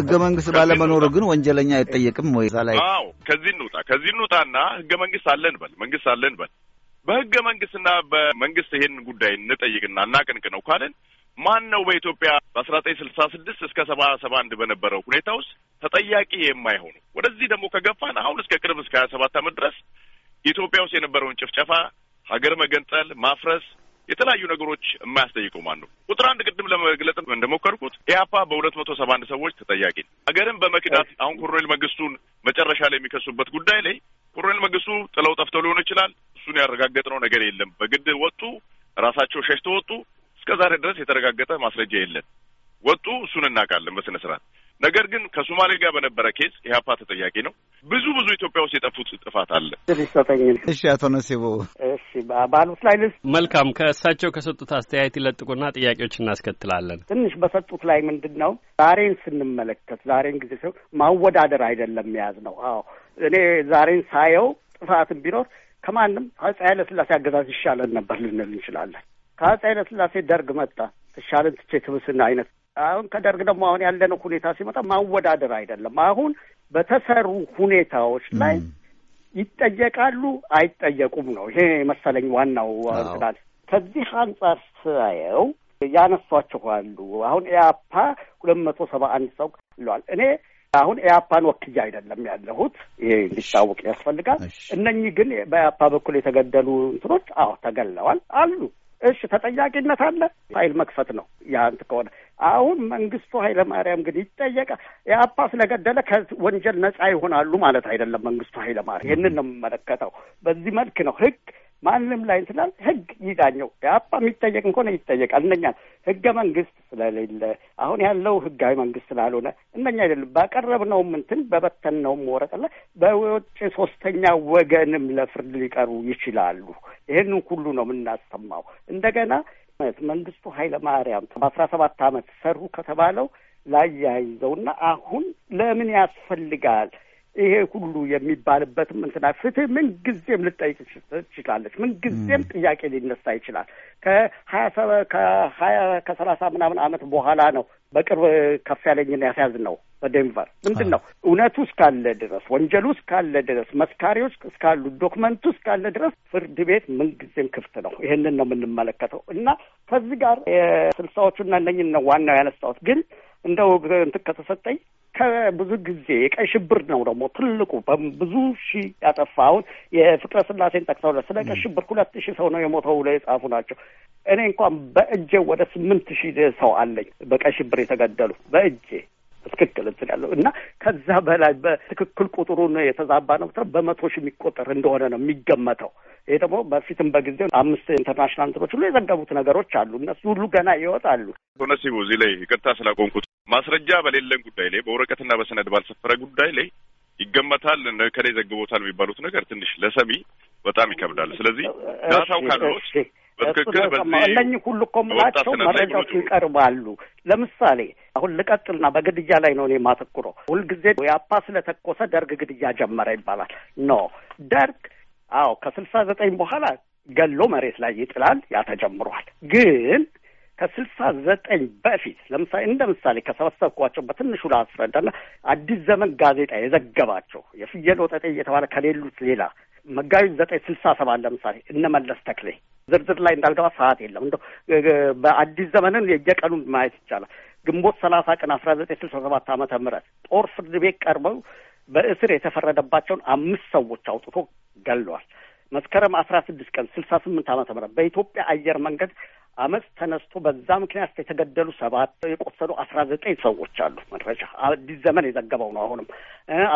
ህገ መንግስት ባለመኖሩ ግን ወንጀለኛ አይጠየቅም ወይ? ላይ አዎ፣ ከዚህ እንውጣ ከዚህ እንውጣና ህገ መንግስት አለን በል መንግስት አለን በል በህገ መንግስትና በመንግስት ይሄን ጉዳይ እንጠይቅና እናቅንቅ ነው ካልን ማን ነው በኢትዮጵያ በአስራ ዘጠኝ ስልሳ ስድስት እስከ ሰባ ሰባ አንድ በነበረው ሁኔታ ውስጥ ተጠያቂ የማይሆኑ ወደዚህ ደግሞ ከገፋን አሁን እስከ ቅርብ እስከ ሀያ ሰባት አመት ድረስ ኢትዮጵያ ውስጥ የነበረውን ጭፍጨፋ ሀገር መገንጠል፣ ማፍረስ፣ የተለያዩ ነገሮች የማያስጠይቁ ማን ነው? ቁጥር አንድ ቅድም ለመግለጥ እንደሞከርኩት ኢያፓ በሁለት መቶ ሰባ አንድ ሰዎች ተጠያቂ ነው። ሀገርን በመክዳት አሁን ኮሎኔል መንግስቱን መጨረሻ ላይ የሚከሱበት ጉዳይ ላይ ኮሎኔል መንግስቱ ጥለው ጠፍተው ሊሆን ይችላል። እሱን ያረጋገጥነው ነገር የለም። በግድ ወጡ፣ ራሳቸው ሸሽተው ወጡ። እስከ ዛሬ ድረስ የተረጋገጠ ማስረጃ የለን። ወጡ፣ እሱን እናውቃለን በስነ ስርዓት ነገር ግን ከሶማሌ ጋር በነበረ ኬስ ኢህአፓ ተጠያቂ ነው። ብዙ ብዙ ኢትዮጵያ ውስጥ የጠፉት ጥፋት አለ። እሺ፣ አቶ ነሲቡ። እሺ፣ ባሉት ላይ ልስ መልካም። ከእሳቸው ከሰጡት አስተያየት ይለጥቁና ጥያቄዎች እናስከትላለን። ትንሽ በሰጡት ላይ ምንድን ነው ዛሬን ስንመለከት ዛሬን ጊዜ ሰው ማወዳደር አይደለም የያዝ ነው። አዎ እኔ ዛሬን ሳየው ጥፋትም ቢኖር ከማንም አፄ ኃይለ ሥላሴ አገዛዝ ይሻለን ነበር ልንል እንችላለን። ከአፄ ኃይለ ሥላሴ ደርግ መጣ ትሻለን ትቼ ትብስን አይነት አሁን ከደርግ ደግሞ አሁን ያለነው ሁኔታ ሲመጣ ማወዳደር አይደለም። አሁን በተሰሩ ሁኔታዎች ላይ ይጠየቃሉ አይጠየቁም ነው። ይሄ መሰለኝ ዋናው እንትናል። ከዚህ አንጻር ስያየው አሉ። አሁን ኢያፓ ሁለት መቶ ሰባ አንድ ሰው ለዋል። እኔ አሁን ኢያፓን ወክዬ አይደለም ያለሁት፣ ይሄ እንዲታወቅ ያስፈልጋል። እነኚህ ግን በኢያፓ በኩል የተገደሉ እንትኖች አዎ ተገለዋል አሉ። እሺ ተጠያቂነት አለ። ፋይል መክፈት ነው ያንት ከሆነ አሁን መንግስቱ ማርያም ግን ይጠየቃል። የአፓ ስለገደለ ከወንጀል ነጻ ይሆናሉ ማለት አይደለም። መንግስቱ ኃይለማርያም ይህንን ነው የምመለከተው። በዚህ መልክ ነው ህግ ማንም ላይ ስላል ህግ ይዳኘው። የአፓ የሚጠየቅ ከሆነ ይጠየቃል። እነኛ ህገ መንግስት ስለሌለ አሁን ያለው ህጋዊ መንግስት ስላልሆነ እነኛ አይደለም ባቀረብነውም እንትን በበተንነውም ወረቀት ላይ በውጭ ሶስተኛ ወገንም ለፍርድ ሊቀርቡ ይችላሉ። ይህንን ሁሉ ነው የምናሰማው። እንደገና መንግስቱ ኃይለ ማርያም በአስራ ሰባት አመት ሰሩ ከተባለው ላያይዘውና አሁን ለምን ያስፈልጋል ይሄ ሁሉ የሚባልበትም እንትና ፍትህ ምን ጊዜም ልጠይቅ ትችላለች። ምን ጊዜም ጥያቄ ሊነሳ ይችላል። ከሀያ ከሀያ ከሰላሳ ምናምን አመት በኋላ ነው በቅርብ ከፍ ያለኝን ያስያዝ ነው በዴንቨር ምንድን ነው እውነቱ እስካለ ድረስ ወንጀሉ እስካለ ድረስ መስካሪዎች እስካሉ ዶክመንቱ እስካለ ድረስ ፍርድ ቤት ምንጊዜም ክፍት ነው። ይህንን ነው የምንመለከተው እና ከዚህ ጋር የስልሳዎቹና እነኝን ነው ዋናው ያነሳሁት ግን እንደው እንትን ከተሰጠኝ ከብዙ ጊዜ የቀይ ሽብር ነው ደግሞ ትልቁ ብዙ ሺ ያጠፋውን የፍቅረ ስላሴን ጠቅሰው ስለ ቀይ ሽብር ሁለት ሺ ሰው ነው የሞተው ብለው የጻፉ ናቸው። እኔ እንኳን በእጄ ወደ ስምንት ሺህ ሰው አለኝ በቀይ ሽብር የተገደሉ በእጄ ትክክል እንትን ያለው እና ከዛ በላይ በትክክል ቁጥሩን የተዛባ ነው በመቶ ሺህ የሚቆጠር እንደሆነ ነው የሚገመተው። ይሄ ደግሞ በፊትም በጊዜ አምስት ኢንተርናሽናል እንትኖች ሁሉ የዘገቡት ነገሮች አሉ። እነሱ ሁሉ ገና ይወጣሉ። ነሲቡ እዚህ ላይ ይቅርታ ስላቆንኩት ማስረጃ በሌለን ጉዳይ ላይ በወረቀትና በሰነድ ባልሰፈረ ጉዳይ ላይ ይገመታል ከላይ ዘግቦታል የሚባሉት ነገር ትንሽ ለሰሚ በጣም ይከብዳል። ስለዚህ ዳታው ካለት በትክክል ሁሉ እኮ የምላቸው መረጃዎች ይቀርባሉ። ለምሳሌ አሁን ልቀጥልና በግድያ ላይ ነው እኔ የማተኩረው። ሁልጊዜ የአፓ ስለተኮሰ ደርግ ግድያ ጀመረ ይባላል። ኖ ደርግ አዎ ከስልሳ ዘጠኝ በኋላ ገሎ መሬት ላይ ይጥላል። ያ ተጀምሯል። ግን ከስልሳ ዘጠኝ በፊት ለምሳሌ እንደ ምሳሌ ከሰበሰብኳቸው በትንሹ ላስረዳና አዲስ ዘመን ጋዜጣ የዘገባቸው የፍየል ወጠጤ እየተባለ ከሌሉት ሌላ መጋቢት ዘጠኝ ስልሳ ሰባት ለምሳሌ እነ መለስ ተክሌ ዝርዝር ላይ እንዳልገባ ሰዓት የለም። እንደ በአዲስ ዘመንን የየቀኑን ማየት ይቻላል። ግንቦት ሰላሳ ቀን አስራ ዘጠኝ ስልሳ ሰባት ዓመተ ምህረት ጦር ፍርድ ቤት ቀርበው በእስር የተፈረደባቸውን አምስት ሰዎች አውጥቶ ገለዋል። መስከረም አስራ ስድስት ቀን ስልሳ ስምንት ዓመተ ምህረት በኢትዮጵያ አየር መንገድ አመፅ ተነስቶ በዛ ምክንያት የተገደሉ ሰባት የቆሰሉ አስራ ዘጠኝ ሰዎች አሉ። መድረሻ አዲስ ዘመን የዘገበው ነው። አሁንም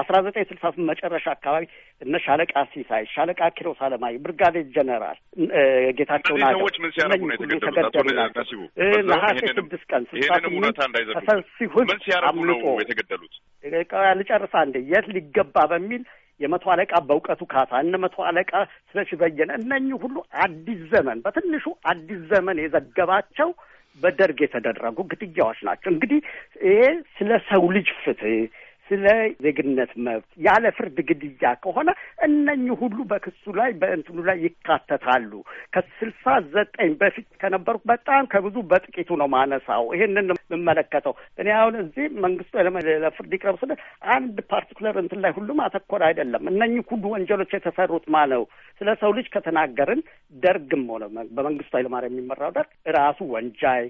አስራ ዘጠኝ ስልሳ ስምንት መጨረሻ አካባቢ እነ ሻለቃ ሲሳይ፣ ሻለቃ ኪሮስ አለማይ፣ ብርጋዴር ጀነራል ጌታቸው ናቸው የተገደሉ ነሐሴ ስድስት ቀን ስልሳ ስምንት ተሰሲ ነው የተገደሉት? ልጨርስ አንዴ የት ሊገባ በሚል የመቶ አለቃ በእውቀቱ ካሳ እነ መቶ አለቃ ስለሺ በየነ እነኚህ ሁሉ አዲስ ዘመን በትንሹ አዲስ ዘመን የዘገባቸው በደርግ የተደረጉ ግድያዎች ናቸው። እንግዲህ ይሄ ስለ ሰው ልጅ ፍትህ ስለ ዜግነት መብት ያለ ፍርድ ግድያ ከሆነ እነኚህ ሁሉ በክሱ ላይ በእንትኑ ላይ ይካተታሉ። ከስልሳ ዘጠኝ በፊት ከነበሩ በጣም ከብዙ በጥቂቱ ነው ማነሳው። ይህንን የምመለከተው እኔ አሁን እዚህ መንግስቱ ለፍርድ ይቅረብ ስለ አንድ ፓርቲኩለር እንትን ላይ ሁሉም አተኮር አይደለም። እነኚህ ሁሉ ወንጀሎች የተሰሩት ማ ነው ስለ ሰው ልጅ ከተናገርን ደርግም ሆነ በመንግስቱ ኃይለማርያም የሚመራው ደርግ ራሱ ወንጃይ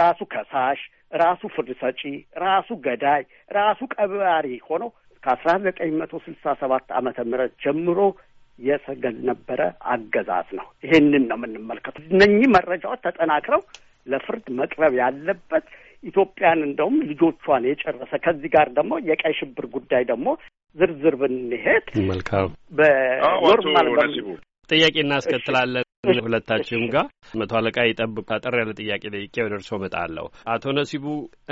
ራሱ ከሳሽ፣ ራሱ ፍርድ ሰጪ፣ ራሱ ገዳይ፣ ራሱ ቀባሪ ሆኖ ከአስራ ዘጠኝ መቶ ስልሳ ሰባት ዓመተ ምህረት ጀምሮ የሰገል ነበረ አገዛዝ ነው። ይሄንን ነው የምንመለከተው። እነኚህ መረጃዎች ተጠናክረው ለፍርድ መቅረብ ያለበት ኢትዮጵያን እንደውም ልጆቿን የጨረሰ ከዚህ ጋር ደግሞ የቀይ ሽብር ጉዳይ ደግሞ ዝርዝር ብንሄድ መልካም በኖርማል ጥያቄ እናስከትላለን። ሁለታችሁም ጋር መቶ አለቃ ይጠብቅ አጠር ያለ ጥያቄ ጠይቄ ወደ እርሶ እመጣለሁ። አቶ ነሲቡ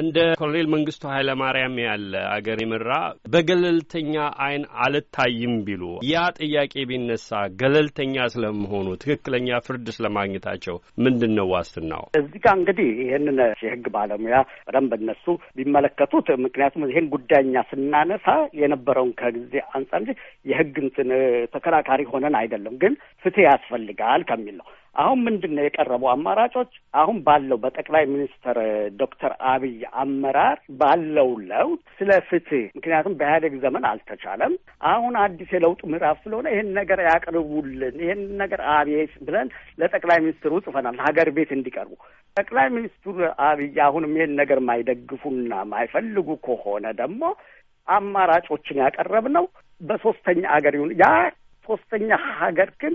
እንደ ኮሎኔል መንግስቱ ማርያም ያለ አገር የመራ በገለልተኛ አይን አልታይም ቢሉ ያ ጥያቄ ቢነሳ ገለልተኛ ስለመሆኑ ትክክለኛ ፍርድ ስለማግኘታቸው ምንድን ነው ዋስትናው? እዚህ ጋር እንግዲህ ይህንን የህግ ባለሙያ በደንብ እነሱ ቢመለከቱት፣ ምክንያቱም ይህን ጉዳይኛ ስናነሳ የነበረውን ከጊዜ አንጻር እንጂ የህግ እንትን ተከራካሪ ሆነን አይደለም። ግን ፍትህ ያስፈልጋል ከሚ የሚል ነው። አሁን ምንድን ነው የቀረቡ አማራጮች? አሁን ባለው በጠቅላይ ሚኒስትር ዶክተር አብይ አመራር ባለው ለውጥ ስለ ፍትህ፣ ምክንያቱም በኢህአዴግ ዘመን አልተቻለም። አሁን አዲስ የለውጥ ምዕራፍ ስለሆነ ይህን ነገር ያቅርቡልን፣ ይህን ነገር አቤት ብለን ለጠቅላይ ሚኒስትሩ ጽፈናል፣ ሀገር ቤት እንዲቀርቡ። ጠቅላይ ሚኒስትሩ አብይ አሁንም ይህን ነገር ማይደግፉና ማይፈልጉ ከሆነ ደግሞ አማራጮችን ያቀረብ ነው በሶስተኛ ሀገር ይሁን ያ ሶስተኛ ሀገር ግን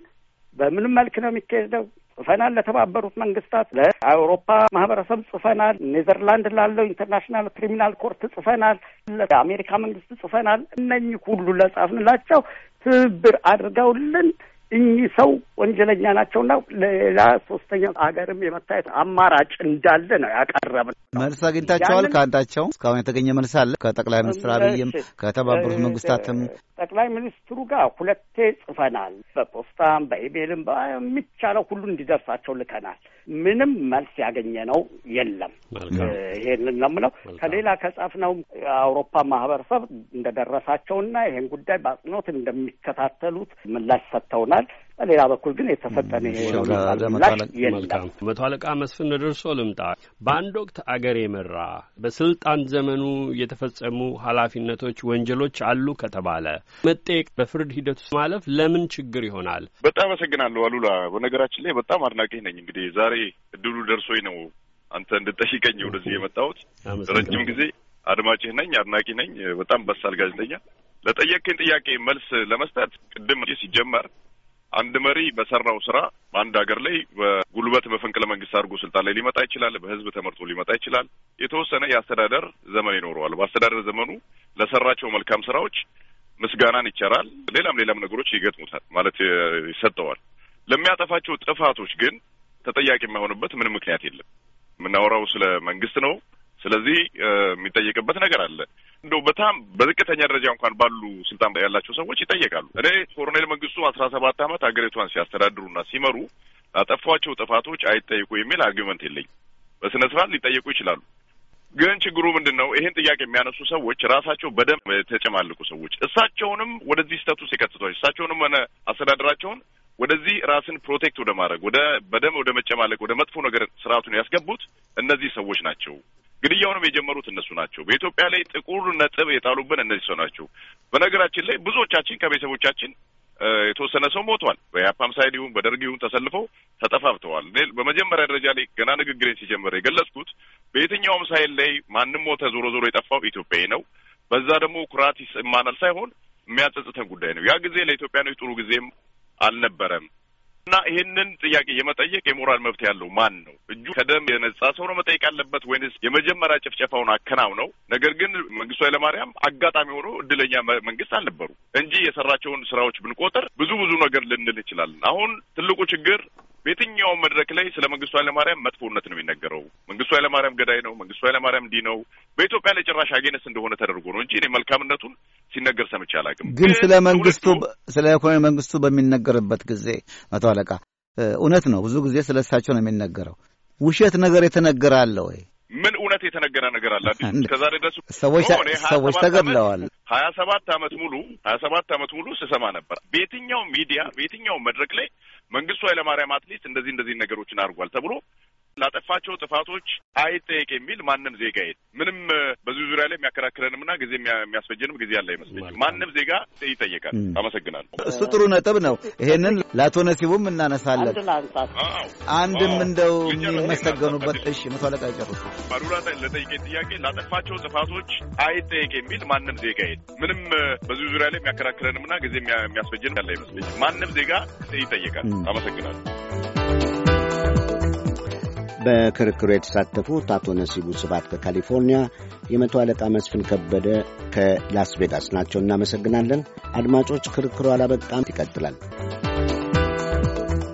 በምንም መልክ ነው የሚካሄደው። ጽፈናል፣ ለተባበሩት መንግስታት፣ ለአውሮፓ ማህበረሰብ ጽፈናል፣ ኔዘርላንድ ላለው ኢንተርናሽናል ክሪሚናል ኮርት ጽፈናል፣ ለአሜሪካ መንግስት ጽፈናል። እነኚህ ሁሉ ለጻፍንላቸው ትብብር አድርገውልን እኚህ ሰው ወንጀለኛ ናቸውና ሌላ ሶስተኛ ሀገርም የመታየት አማራጭ እንዳለ ነው ያቀረብ። መልስ አግኝታቸዋል? ከአንዳቸው እስካሁን የተገኘ መልስ አለ? ከጠቅላይ ሚኒስትር አብይም ከተባበሩት መንግስታትም ጠቅላይ ሚኒስትሩ ጋር ሁለቴ ጽፈናል። በፖስታም በኢሜልም የሚቻለው ሁሉ እንዲደርሳቸው ልከናል። ምንም መልስ ያገኘ ነው የለም። ይሄንን ነው የምለው። ከሌላ ከጻፍነው የአውሮፓ ማህበረሰብ እንደደረሳቸውና ይሄን ጉዳይ በአጽንኦት እንደሚከታተሉት ምላሽ ሰጥተውናል። ሌላ በኩል ግን የተፈጠነ የለም። መቶ አለቃ መስፍን ደርሶ ልምጣ። በአንድ ወቅት አገር የመራ በስልጣን ዘመኑ የተፈጸሙ ኃላፊነቶች ወንጀሎች አሉ ከተባለ መጠየቅ በፍርድ ሂደት ውስጥ ማለፍ ለምን ችግር ይሆናል? በጣም አመሰግናለሁ አሉላ። በነገራችን ላይ በጣም አድናቂ ነኝ። እንግዲህ ዛሬ እድሉ ደርሶኝ ነው አንተ እንድጠይቀኝ ወደዚህ የመጣሁት። ረጅም ጊዜ አድማጭህ ነኝ፣ አድናቂ ነኝ። በጣም በሳል ጋዜጠኛ። ለጠየቅኝ ጥያቄ መልስ ለመስጠት ቅድም ሲጀመር አንድ መሪ በሰራው ስራ በአንድ ሀገር ላይ በጉልበት በፈንቅለ መንግስት አድርጎ ስልጣን ላይ ሊመጣ ይችላል። በህዝብ ተመርጦ ሊመጣ ይችላል። የተወሰነ የአስተዳደር ዘመን ይኖረዋል። በአስተዳደር ዘመኑ ለሰራቸው መልካም ስራዎች ምስጋናን ይቸራል። ሌላም ሌላም ነገሮች ይገጥሙታል ማለት ይሰጠዋል። ለሚያጠፋቸው ጥፋቶች ግን ተጠያቂ የማይሆንበት ምንም ምክንያት የለም። የምናወራው ስለ መንግስት ነው። ስለዚህ የሚጠየቅበት ነገር አለ። እንደው በጣም በዝቅተኛ ደረጃ እንኳን ባሉ ስልጣን ያላቸው ሰዎች ይጠየቃሉ። እኔ ኮሎኔል መንግስቱ አስራ ሰባት ዓመት ሀገሪቷን ሲያስተዳድሩና ሲመሩ ላጠፏቸው ጥፋቶች አይጠየቁ የሚል አርጊመንት የለኝ። በስነ ስርዓት ሊጠየቁ ይችላሉ። ግን ችግሩ ምንድን ነው? ይሄን ጥያቄ የሚያነሱ ሰዎች ራሳቸው በደንብ የተጨማለቁ ሰዎች እሳቸውንም ወደዚህ ስተቱስ የከትቷል። እሳቸውንም ሆነ አስተዳደራቸውን ወደዚህ ራስን ፕሮቴክት ወደ ማድረግ ወደ በደንብ ወደ መጨማለቅ ወደ መጥፎ ነገር ስርዓቱን ያስገቡት እነዚህ ሰዎች ናቸው። ግድያውንም የጀመሩት እነሱ ናቸው። በኢትዮጵያ ላይ ጥቁር ነጥብ የጣሉብን እነዚህ ሰው ናቸው። በነገራችን ላይ ብዙዎቻችን ከቤተሰቦቻችን የተወሰነ ሰው ሞቷል። በኢያፓም ሳይድ ይሁን በደርግ ይሁን ተሰልፈው ተጠፋፍተዋል። በመጀመሪያ ደረጃ ላይ ገና ንግግሬን ሲጀምር የገለጽኩት በየትኛውም ሳይል ላይ ማንም ሞተ፣ ዞሮ ዞሮ የጠፋው ኢትዮጵያዊ ነው። በዛ ደግሞ ኩራት ይሰማናል ሳይሆን የሚያጸጽተን ጉዳይ ነው። ያ ጊዜ ለኢትዮጵያኖች ጥሩ ጊዜም አልነበረም። እና ይህንን ጥያቄ የመጠየቅ የሞራል መብት ያለው ማን ነው? እጁ ከደም የነጻ ሰው ነው መጠየቅ ያለበት ወይንስ የመጀመሪያ ጭፍጨፋውን አከናውነው? ነገር ግን መንግስቱ ኃይለማርያም አጋጣሚ ሆኖ እድለኛ መንግስት አልነበሩ እንጂ የሰራቸውን ስራዎች ብንቆጥር ብዙ ብዙ ነገር ልንል እንችላለን። አሁን ትልቁ ችግር በየትኛውም መድረክ ላይ ስለ መንግስቱ ኃይለማርያም መጥፎነት ነው የሚነገረው። መንግስቱ ኃይለማርያም ገዳይ ነው፣ መንግስቱ ኃይለማርያም እንዲህ ነው። በኢትዮጵያ ላይ ጭራሽ አጌነስ እንደሆነ ተደርጎ ነው እንጂ እኔ መልካምነቱን ሲነገር ሰምቼ አላውቅም። ግን ስለ መንግስቱ ስለ ኢኮኖሚ መንግስቱ በሚነገርበት ጊዜ አቶ አለቃ እውነት ነው። ብዙ ጊዜ ስለ እሳቸው ነው የሚነገረው። ውሸት ነገር የተነገረ አለ ወይ? ምን እውነት የተነገረ ነገር አለ? ከዛሬ ድረስ ሰዎች ተገድለዋል። ሀያ ሰባት አመት ሙሉ ሀያ ሰባት አመት ሙሉ ስሰማ ነበር። በየትኛው ሚዲያ በየትኛው መድረክ ላይ መንግስቱ ኃይለማርያም አትሊስት እንደዚህ እንደዚህ ነገሮችን አድርጓል ተብሎ ላጠፋቸው ጥፋቶች አይጠየቅ የሚል ማንም ዜጋ የለ። ምንም በዚህ ዙሪያ ላይ የሚያከራክረንምና ጊዜ የሚያስፈጅንም ጊዜ ያለ ይመስለኛል። ማንም ዜጋ ይጠየቃል። አመሰግናለሁ። እሱ ጥሩ ነጥብ ነው። ይሄንን ለአቶ ነሲቡም እናነሳለን። አንድም እንደው የሚመሰገኑበት እሺ፣ መቶ አለቃ ይጨርሱ። ባሉላ ለጠይቄ ጥያቄ ላጠፋቸው ጥፋቶች አይጠየቅ የሚል ማንም ዜጋ የለ። ምንም በዚህ ዙሪያ ላይ የሚያከራክረንምና ጊዜ የሚያስፈጅንም ያለ ይመስለኛል። ማንም ዜጋ ይጠየቃል። አመሰግናለሁ። በክርክሩ የተሳተፉት አቶ ነሲቡ ስባት ከካሊፎርኒያ፣ የመቶ አለቃ መስፍን ከበደ ከላስ ቬጋስ ናቸው። እናመሰግናለን። አድማጮች፣ ክርክሩ አላበቃም፣ ይቀጥላል።